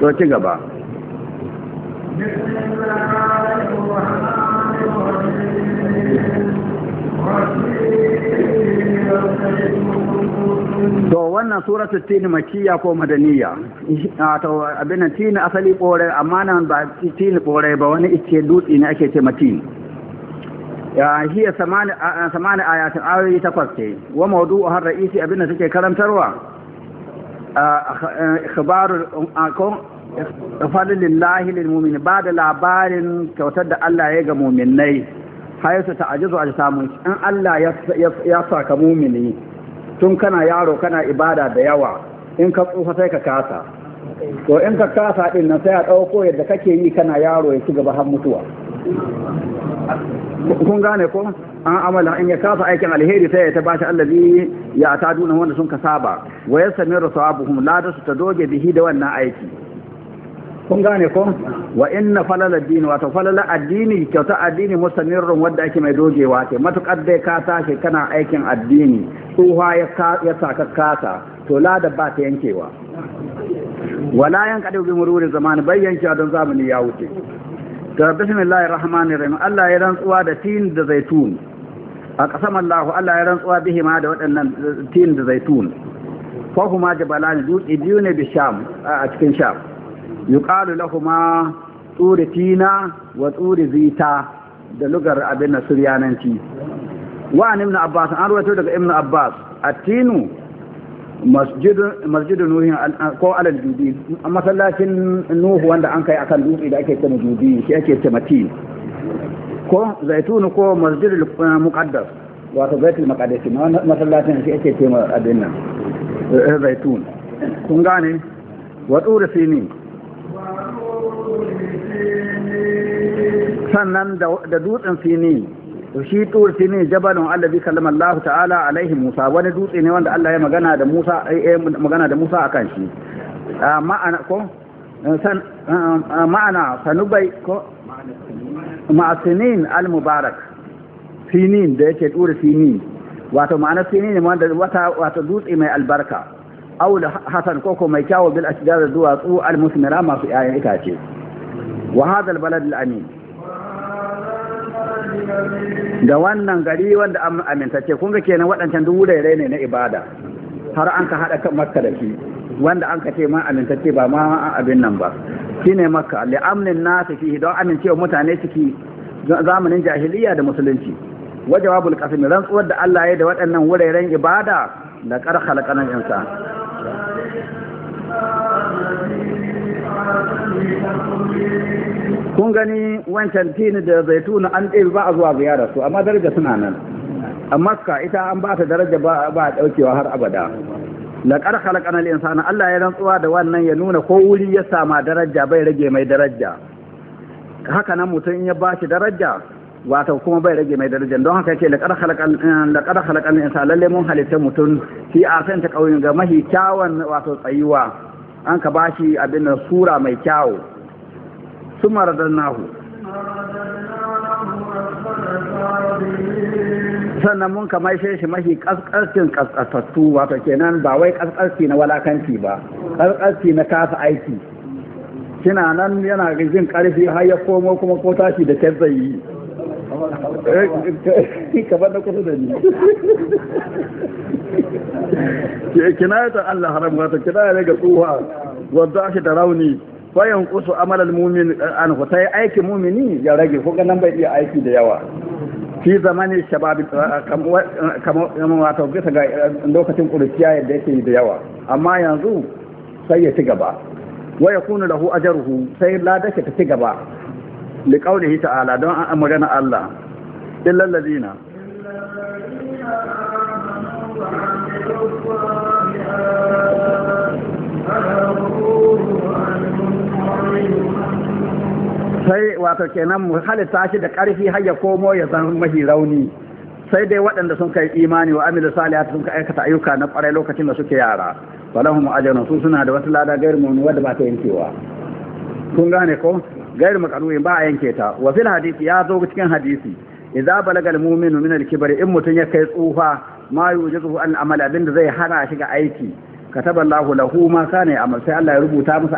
to ci gaba to wannan suratul tin makiyya ko madaniya to abin tin asali kore amma nan ba tin kore ba wani ice dutse ne ake ce matin ya hiya samani samani ayatin ayoyi takwas ce wa mawdu'u har ra'isi abin da take karantarwa ikhbarul akum fadlillahi lil mu'min ba da labarin kyautar da Allah ya ga mu'minai haisu ta'ajizu ajsamun in Allah ya saka mu'mini tun kana yaro kana ibada da yawa in ka tsufa sai ka kasa to in ka kasa din nan sai a dauko yadda kake yi kana yaro ya ci gaba har mutuwa kun gane ko an amala in ya kafa aikin alheri sai ya tabbata allazi ya ataduna wanda sun kasaba wa yasmiru sawabuhum la su ta doge bihi da wannan aiki kun gane ko wa inna falal addini ta falal addini kyauta addini mustamirrun wanda ake mai dogewa ce matukar dai ka tashi kana aikin addini tsuha ya saka kasa to lada ba ta yankewa wala yan kadu bi mururi zamani bayyanci don zamani ya wuce da bismillahir rahmanir rahim Allah ya rantsuwa da tin da zaitun a kasam Allah Allah ya rantsuwa bihi ma da waɗannan eh, tin da zaitun fa huma jabalani dutse biyu ne bi sham a cikin sham yuqalu lahuma turi tina wa turi zita da lugar abin na suryananci wa ibn abbas an rawaito daga ibn abbas atinu masjidu nuhin ko alal jubi masallacin nuhu wanda an kai akan dutse da ake cewa jubi shi ake cewa tin ko zaitunu ko masjidu eh, muqaddas wato baitul maqdis masallacin shi ake cewa abin nan eh, zaitun kun gane wa tsura sinin sannan da dutsen sinin to shi tur shi ne jabalun allazi kallama Allah ta'ala alaihi Musa wani dutse ne wanda Allah ya magana da Musa eh, eh, magana da Musa akan shi ah, ma'ana ko eh, ah, ma'ana sanubai ko ma'asinin al-mubarak sinin da yake tura sinin wato ma'ana sinin ne wanda wata wato dutse mai albarka aul hasan koko mai kyawu bil ashjar duwatsu al-musmira masu 'ya'yan itace wa hadha al-balad al-amin da wannan gari wanda an amintacce kun ga kenan waɗancan duk wurare ne na ibada har an ka haɗa kan makka da shi wanda an ka ce ma amintacce ba ma abin nan ba shine makka li amnin na fi don amincewa mutane ciki zamanin jahiliya da musulunci wajawabul qasim rantsuwar da Allah ya da waɗannan wuraren ibada da kar khalaqana insan kun gani wancan tini da zaituna an ɗebi ba a zuwa ziyara su amma daraja suna nan a maska ita an ba ta daraja ba a ɗaukewa har abada laƙar halakanar insana Allah ya rantsuwa da wannan ya nuna ko wuri ya sama daraja bai rage mai daraja haka nan mutum in ya ba shi daraja wato kuma bai rage mai daraja don haka ce laƙar halakar insa lalle mun halittar mutum fi a ta ƙauyen ga mahi kyawan wato tsayuwa an ka bashi abin da sura mai kyawu su maradar nahu sannan mun ka maishe shi mafi kaskarcin kaskasattu wato kenan ba wai kaskarci na walakanci ba kaskarci na kasa aiki kina nan yana jin karfi har ya komo kuma ko tashi da ta zai yi eh, eh, eh, na kusa da ni kinayatan Allah haram wata kinaya ne ga tsuha wadda shi da rauni fayan kusu amalar mumin an ku aikin mumini ya rage ko nan bai iya aiki da yawa fi zamani shababi kamar wata bisa ga lokacin kurciya yadda yake da yawa amma yanzu sai ya ci gaba wa yakunu lahu ajruhu sai ladashi ta ci gaba li qawlihi ta'ala don an magana Allah illal ladina sai wato kenan mu halitta shi da ƙarfi har ya komo ya zan mahi rauni sai dai waɗanda sun kai imani wa amilu salihati sun aikata ayyuka na ƙwarai lokacin da suke yara walahum ajrun su suna da wata lada gairu mun wanda ba ta yankewa kun gane ko gairu makaruin ba a yanke ta wa fil hadisi ya zo cikin hadisi idza balagal mu'minu min al-kibri in mutun ya kai tsufa ma yujizu an amala abinda zai hana shi ga aiki kataba lahu lahu ma kana amal sai Allah ya rubuta masa